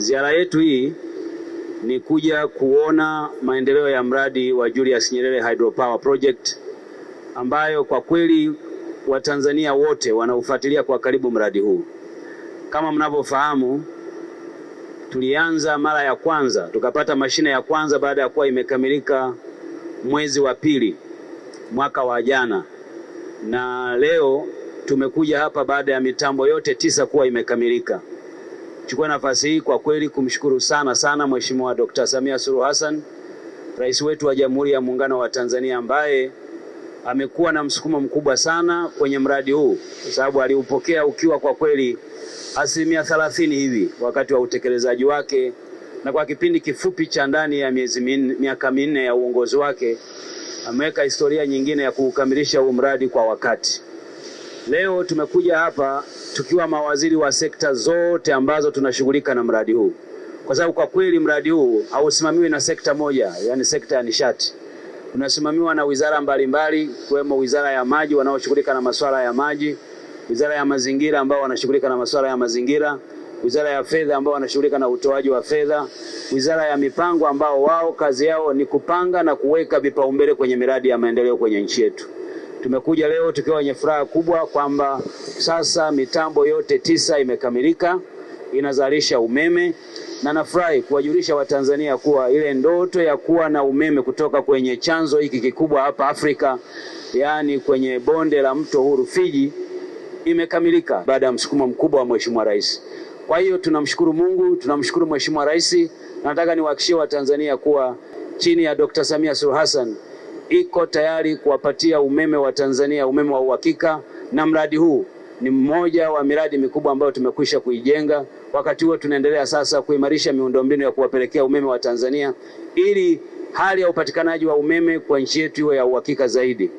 Ziara yetu hii ni kuja kuona maendeleo ya mradi wa Julius Nyerere Hydropower Project ambayo kwa kweli Watanzania wote wanaufuatilia kwa karibu mradi huu. Kama mnavyofahamu, tulianza mara ya kwanza tukapata mashine ya kwanza baada ya kuwa imekamilika mwezi wa pili mwaka wa jana, na leo tumekuja hapa baada ya mitambo yote tisa kuwa imekamilika. Chukua nafasi hii kwa kweli kumshukuru sana sana Mheshimiwa Dkt. Samia Suluhu Hassan, rais wetu wa Jamhuri ya Muungano wa Tanzania, ambaye amekuwa na msukumo mkubwa sana kwenye mradi huu, kwa sababu aliupokea ukiwa kwa kweli asilimia thelathini hivi wakati wa utekelezaji wake, na kwa kipindi kifupi cha ndani ya miezi miaka minne ya uongozi wake ameweka historia nyingine ya kuukamilisha huu mradi kwa wakati. Leo tumekuja hapa tukiwa mawaziri wa sekta zote ambazo tunashughulika na mradi huu, kwa sababu kwa kweli mradi huu hausimamiwi na sekta moja, yani sekta ya nishati unasimamiwa na wizara mbalimbali ikiwemo wizara ya maji wanaoshughulika na masuala ya maji, wizara ya mazingira ambao wanashughulika na masuala ya mazingira, wizara ya fedha ambao wanashughulika na utoaji wa fedha, wizara ya mipango ambao wao kazi yao ni kupanga na kuweka vipaumbele kwenye miradi ya maendeleo kwenye nchi yetu. Tumekuja leo tukiwa wenye furaha kubwa kwamba sasa mitambo yote tisa imekamilika inazalisha umeme, na nafurahi kuwajulisha Watanzania kuwa ile ndoto ya kuwa na umeme kutoka kwenye chanzo hiki kikubwa hapa Afrika, yaani kwenye bonde la mto huu Rufiji imekamilika baada ya msukumo mkubwa wa Mheshimiwa Rais. Kwa hiyo tunamshukuru Mungu, tunamshukuru Mheshimiwa Rais. Nataka niwahakishie Watanzania kuwa chini ya Dr. Samia Suluhu Hassan iko tayari kuwapatia umeme wa Tanzania umeme wa uhakika, na mradi huu ni mmoja wa miradi mikubwa ambayo tumekwisha kuijenga. Wakati huo tunaendelea sasa kuimarisha miundombinu ya kuwapelekea umeme wa Tanzania ili hali ya upatikanaji wa umeme kwa nchi yetu iwe ya uhakika zaidi.